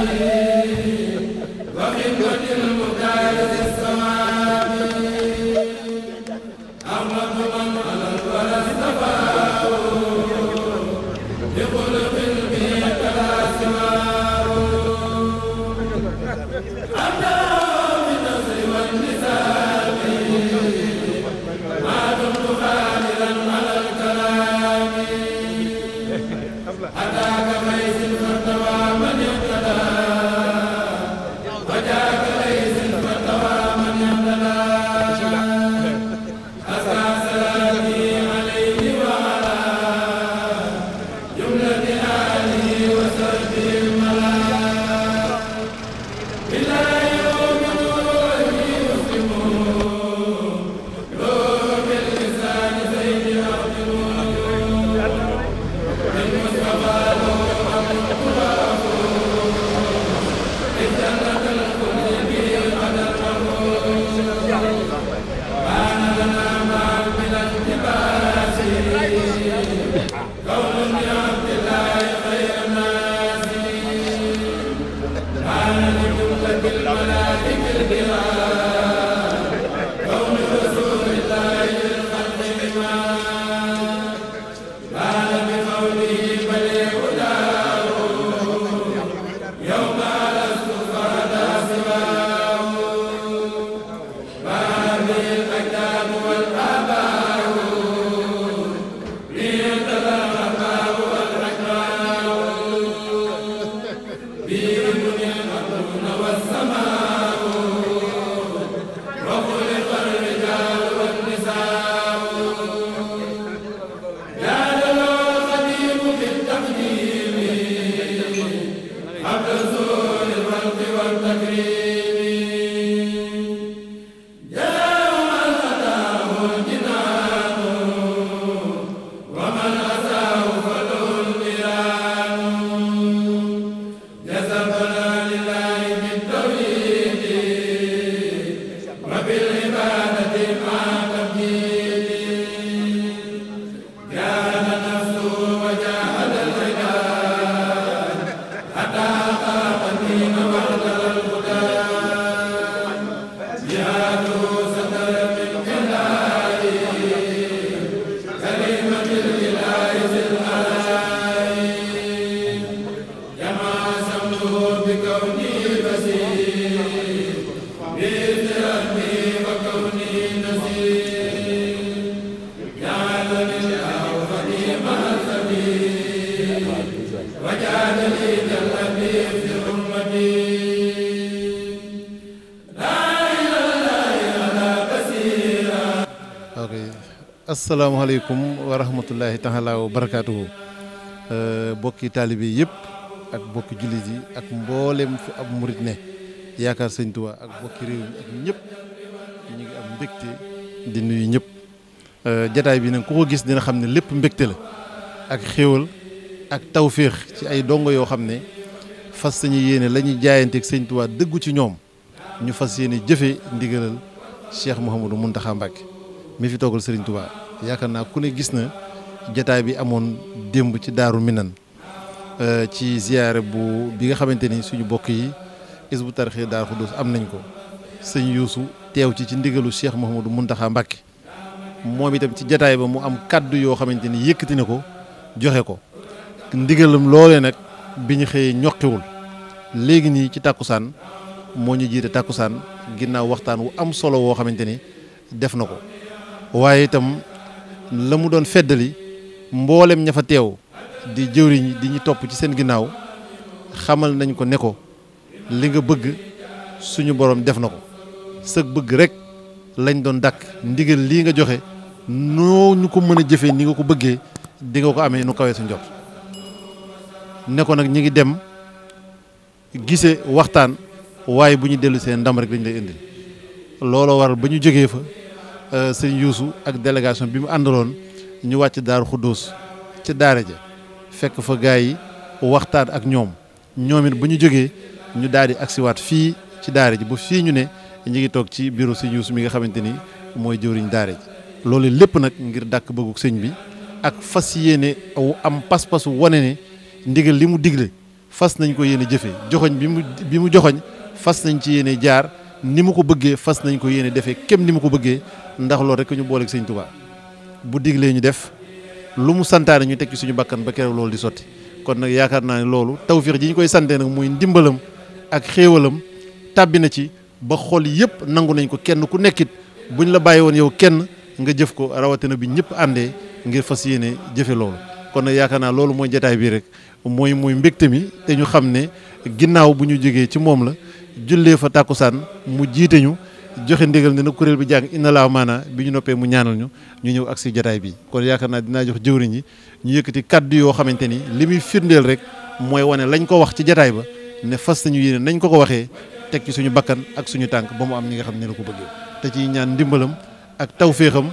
Amen. Amen asalaamaaleykum wa rahmatullahi taala wa barakaatuhu euh, bokki taalibe yëpp ak bokki jullit yi ak mboolem fu ab murit ne yaakaar sëñ ak bokki réew mi ak ñëpp ñu ngi am mbégte di nuyu ñëpp euh, jataay bi nag ku ko gis dina xam ne lépp mbégte la ak xéwal ak tawféex ci ay dongo yoo xam ne fas sañu yéene lañuy ñuy jaayanteeg sëñ dëggu ci ñoom ñu fas yéene jëfe ndigalal Cheikh mun Mountakha Mbacké mi fi toogal Serigne yaakaar naa ku ne gis na jataay bi amoon démb ci daaru minan euh, ci ziyaare bu bi nga xamante ni suñu bokk yi isbu tarixi daar xudus am nañ ko sëñ yuusu teew ci ci ndigalu cheikh Mouhamadou Mountakha Mbacké moom itam ci jataay ba mu am kàddu yoo xamante ni yëkkati na ko joxe ko ndigalam loolee nag bi ñu xëyee ñoqiwul léegi nii ci tàkkusaan moo ñu jiite tàkkusaan ginnaaw waxtaan wu am solo woo xamante ni def na ko waaye itam la mu doon feddali mboolem ña fa teew di jëwriñ di ñu topp ci seen ginnaaw xamal nañ ko ne ko li nga bëgg suñu boroom def na ko sëg bëgg rek lañ doon dàkk ndigal lii nga joxe noo ñu ko mën a jëfee ni nga ko bëggee di nga ko amee nu kawee su njot ne ko nag ñu ngi dem gise waxtaan waaye bu ñu dellu seen ndam rek lañ lay indi looloo waral ba ñu jógee fa Euh, sëñ Youssou ak délégation bi mu àndaloon ñu wàcc Daaru Xuddoos ca daare ja fekk fa gaa yi waxtaan ak ñoom ñoom it bu ñu jógee ñu daal di agsiwaat fii ci daare ji ba fii ñu ne ñu ngi toog ci bureau sëñ Youssou mi nga xamante ni mooy jëwriñ daare ji loolu lépp nag ngir dàkk bëggu sëñ bi ak fas yéene aw am pas-pasu wane ne ndigal li mu digle fas nañ ko yéene jëfe joxoñ bi mu bi mu joxoñ fas nañ ci yéene jaar ni mu ko bëggee fas nañ ko yéene defee kem ni mu ko bëggee ndax loolu rek ñu booleeg sëñ Tuubaa bu diglee ñu def lu mu santaane ñu teg ci suñu bakkan ba keroog loolu di sotti kon nag yaakaar naa loolu tawfiix ji ñu koy santee nag muy ndimbalam ak xéewalam tàbbi na ci ba xol yëpp nangu nañ ko kenn ku nekkit buñ la bàyyi woon yow kenn nga jëf ko rawatina bi ñëpp àndee ngir fas yéene jëfe kon nag yaakaar naa loolu mooy jataay bii rek mooy mooy mbégte mi te ñu xam ne ginnaaw bu ñu jógee ci moom la jullee fa saan mu jiite ñu joxe ndigal ne na kuréel bi jàng inna laa maana bi ñu noppee mu ñaanal ñu ñu ñëw ak si jataay bi kon yaakaar naa dinaa jox jëwriñ yi ñu yëkkati kàddu yoo xamante ni li muy firndeel rek mooy wane lañ ko wax ci jataay ba ne fas nañu yéene nañ ko ko waxee teg ci suñu bakkan ak suñu tànk ba mu am ni nga xam ne la ko bëggee te ci ñaan ndimbalam ak tawféexam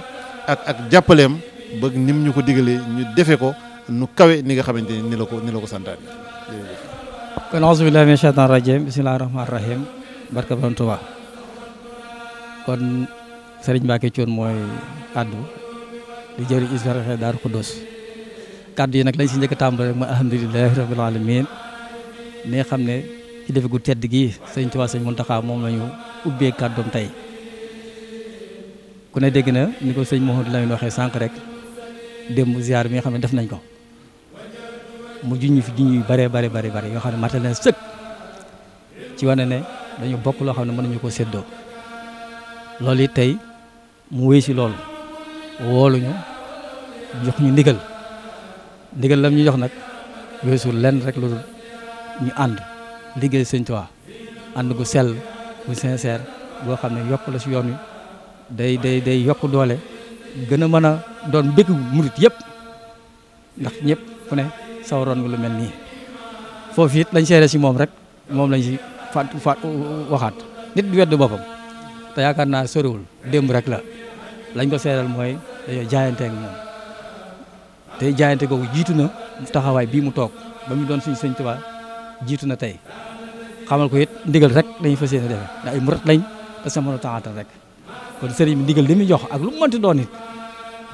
ak ak jàppaleem ba nim ñu ko digalee ñu defe ko nu kawe ni nga xamante ni la ko ni ko santaane kon auzu billahi mina shaytaani rajim bismillahi rahmaani rahim barka borom Tuuba kon mooy addu di jëriñ isra Daaru Xuddoos kaddu yi nag lañ si njëkk a tàmbali rek ma alhamdulilahi rabbil alamin ne xam ne ci defe tedd gi sëñ Tuuba sëñ Muntaxa moom la ñu ubbee kàddoom tey ku ne dégg na ni ko sëñ Mouhamadou Lamine waxee sànq rek démb ziar mi nga xam ne def nañ ko mu junj fi junj yu bare bare bare bare yoo xam ne matal sëkk ci wane ne dañu bokk loo xam ne mënuñu ko séddoo loolu it tey mu wéy si loolu wooluñu jox ñu ndigal ndigal lam ñu jox nag weesu lenn rek lu ñu ànd liggéey Sëñ Tuubaa ànd gu sell gu sincère boo xam ne yokk la si yoon wi day day day yokk doole gën a mën a doon bëgg murit yëpp ndax ñëpp ku ne sawaroon nga lu mel nii foofu it lañ seere si moom rek moom lañ si faat faat waxaat nit du weddu boppam te yaakaar naa sorewul démb rek la lañ ko seeral mooy dañoo jaayante moom te jaayante googu jiitu na taxawaay bii mu toog ba mu doon suñ sëñ Tuubaa jiitu na tey xamal ko it ndigal rek dañuy fa yéene defe ndax ay murit lañ te sama taxaatal rek kon sëriñ bi ndigal li muy jox ak lu mu doon it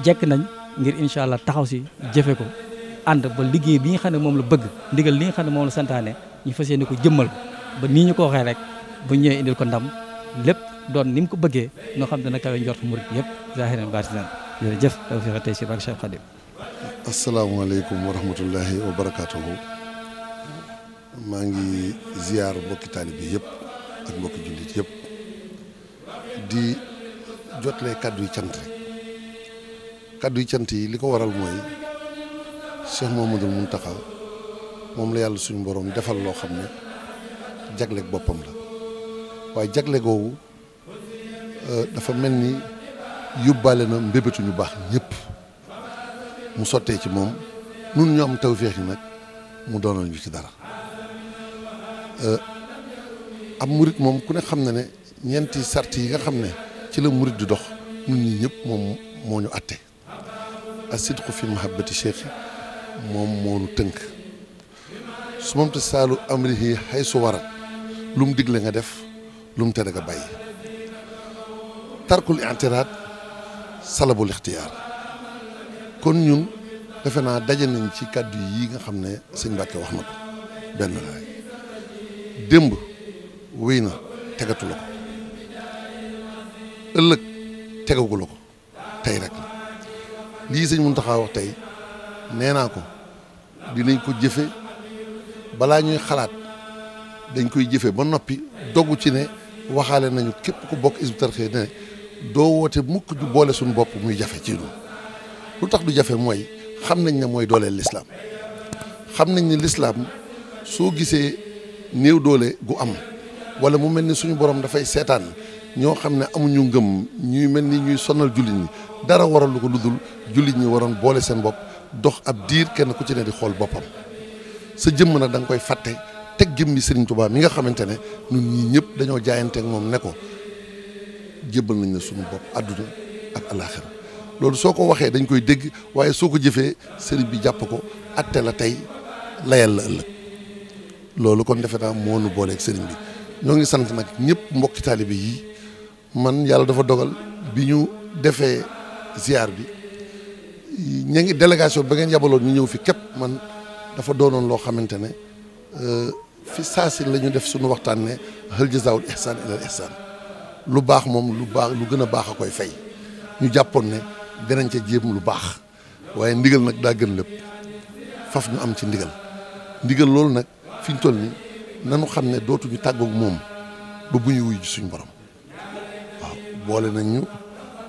jekk nañ ngir incha allah taxaw si jëfe ko ànd ba liggéey bi nga xam ne moom la bëgg ndigal li nga xam ne moom la santaane ñu fas yéene ko jëmmal ba nii ñu ko waxee rek bu ñëwee indil ko ndam lépp doon ni mu ko bëggee noo xam dana kawe njort murit yëpp zahiran baatinan jërëjëf daw fixa si baak Cheikh Khadim asalaamaaleykum wa rahmatullahi wa ngi ziyaar mbokki bi yëpp ak mbokki jullit yëpp di jotlee kàddu yi cant kaddu kàddu yi cant yi li ko waral mooy moom Cheikh Mouhamadoul taxaw moom la yàlla suñu borom defal loo xam ne jagleeg boppam la waaye jagle googu euh, dafa mel ni yóbbaale na mbébétu ñu baax ñëpp mu sottee ci moom nun ñu am tawféex yi nag mu doonal ñu ci dara euh, am murit moom ku ne xam na ne ñeenti sart yi nga xam ne ci la murit di dox nun ñi ñëpp moom moo ñu atte asidqu fi mahabbati cheikh moom moonu tënk su mam te saalu amrihi xay su lu mu digle nga def lu mu tere nga bàyyi tarkul intiraat salabul ixtiyaar kon ñun defe naa daje nañ ci kàddu yi nga xam ne sëñ Mbàkke wax na ko benn laay démb wéy na tegatu la ko ëllëg tegagu la ko tey rek lii sëñ Muntaxa wax tey nee naa ko dinañ ko jëfe balaa ñuy xalaat dañ koy jëfe ba noppi dogu ci ne waxaale nañu képp ku bokk Hizbut Tarqiyyah ne doo woote mukk ju boole suñu bopp muy jafe ci ñun lu tax du jafe mooy xam nañ ne mooy dooleel lislaam xam nañ ni lislaam soo gisee néew doole gu am wala mu mel ni suñu borom dafay seetaan ñoo xam ne amuñu ngëm ñuy mel ni ñuy sonal julli ñi dara waral lu ko ludul jullit ñi waroon boole seen bopp dox ab diir kenn ku ci ne di xool boppam sa jëmm nag da koy fàtte teg jëmmi Serigne Touba mi nga xamante ne ñun ñii ñëpp dañoo jaayante moom ne ko jébbal nañ la suñu bopp àdduna ak alaaxira loolu soo ko waxee dañ koy dégg waaye soo ko jëfee Serigne bi jàpp ko atte la tey layal la ëllëg loolu kon defe naa moo nu booleeg Serigne bi ñoo ngi sant nag ñëpp mbokki taalibe yi man yàlla dafa dogal bi ñu defee ziar bi. ña ngi ba ngeen yabaloon ñu ñëw fi képp man dafa doonoon loo xamante ne euh, fi saasi la ñu def suñu waxtaan ne hal jazaawul ihsaan ilal lu baax moom lu baax lu gën a baax a koy fay ñu jàppoon ne danañ ca jéem lu baax waaye ndigal nag daa gën lépp faf ñu am ci ndigal ndigal loolu nag fi ñu toll ni nanu xam ne dootuñu tàggoog moom ba bu ñu wuy suñu borom waaw boole nañ ñu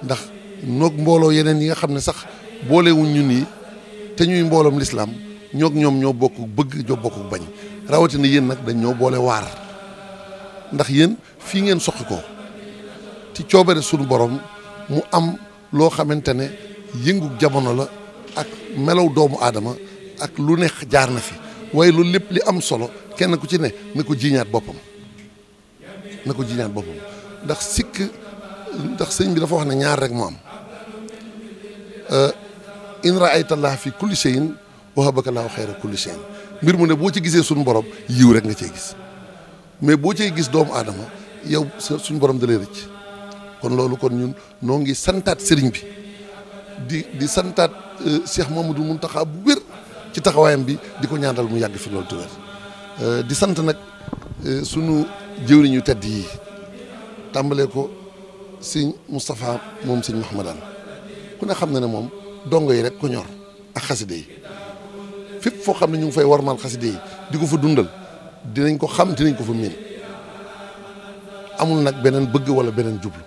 ndax noog mbooloo yeneen yi nga xam ne sax boolewuñu nii te ñuy mbooloom lislaam ñoog ñoom ñoo bokk bëgg ñoo bokk bañ rawatina yéen nag dañ ñoo boole waar ndax yéen fii ngeen soqi ko ci coobare sunu borom mu am loo xamante ne yëngu jamono la ak melow doomu aadama ak lu ne jaar na fi waaye loolu lépp li am solo kenn ku ci ne na ko jiiñaat boppam na ko jiiñaat boppam ndax sikk ndax sëñ bi dafa wax ne ñaar rekk mu am euh, in raaytallah fi kulli shay'in wahabaka laahu xayra kulli shay'in mbir mu ne boo ci gisee suñu borom yiw rek nga cee gis mais boo cee gis doomu aadama yow suñu borom da lay rëcc kon loolu kon ñun noo ngi santaat sëriñ bi di di santaat euh, Cheikh Mamadou Mountakha bu wér ci taxawaayam bi di ko ñaanal mu yàgg fi loolu tuwér euh, di sant nag suñu euh, sunu ñu tedd yi tàmbalee ko si Moustapha moom sëñ Mahamadan ku ne xam na ne moom dongo yi rek ko ñor ak xaside yi fépp foo xam ne ñu ngi fay warmal xaside yi di ko fa dundal dinañ ko xam dinañ ko fa miin amul nag beneen bëgg wala beneen jublu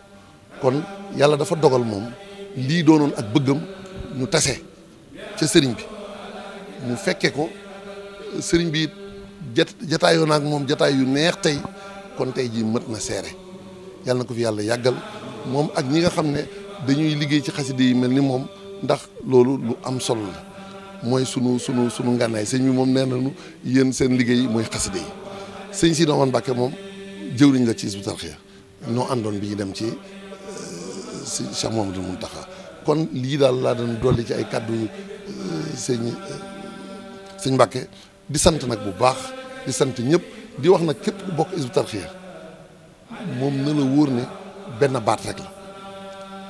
kon yàlla dafa dogal moom lii doonoon ak bëggam ñu tase ca sëriñ bi mu fekke ko sëriñ bi jat jataayoo naag moom jataay yu neex tey kon tey jii mët na seere yàlla na ko fi yàlla yàggal moom ak ñi nga xam ne dañuy liggéey ci xaside yi mel ni moom ndax loolu lu am solo la mooy sunu sunu sunu ngànnaay sëñ bi moom nee nañu yéen seen liggéey mooy xaside yi sëñ si Dooman Mbàkke moom jëwriñ la ci Hizbut Tarqiyyah noo àndoon bi ñu dem ci euh, si Cheikh Mamadou Mountakha kon lii daal laa doon dolli ci ay kàddu euh, sëñ euh, sëñ Mbàkke di sant nag bu baax di sant ñëpp di wax nag képp bokk Hizbut Tarqiyyah moom na la wóor ne benn baat rek la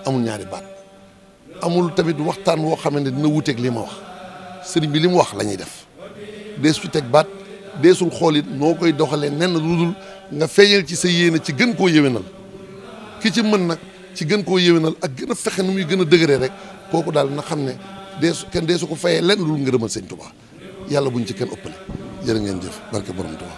amul ñaari baat amul tamit waxtaan woo xam ne dina wuteeg li ma wax sëriñ bi li mu wax lañuy def deesu ci teg baat deesul xool it noo koy doxalee nen lu dul nga feeñal ci sa yéene ci gën koo yéwénal ki ci mën nag ci gën koo yéwenal ak gën a fexe nu muy gën a dëgëree rek kooku daal na xam ne deesu kenn deesu ko fayee lenn lu dul ngërëmal sëñ Tuubaa yàlla buñ ci kenn ëppale jërë ngeen jëf barke borom Tuubaa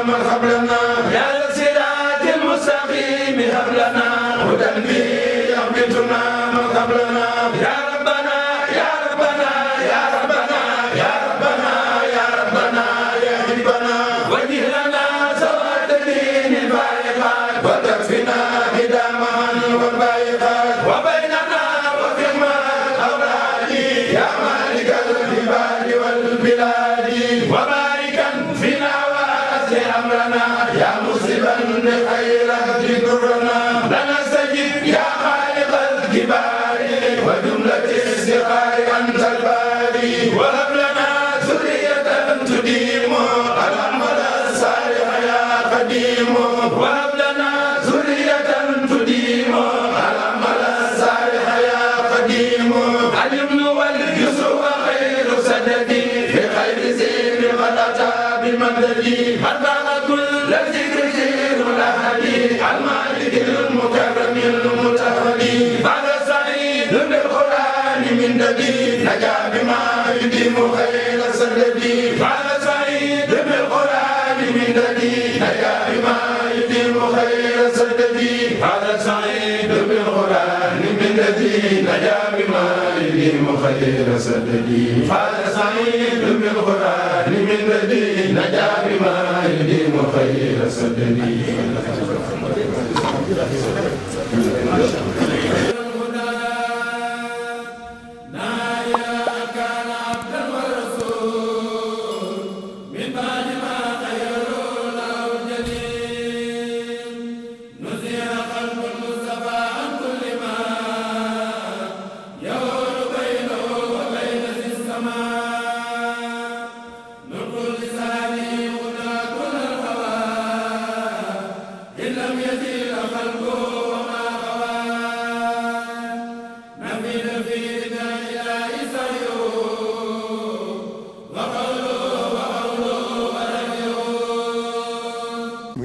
أمرنا يا مسلما لخير اهد كرنا لنستجب يا خير سددي فاز سعيد بالقران من بدي نجا بما يديم خير سددي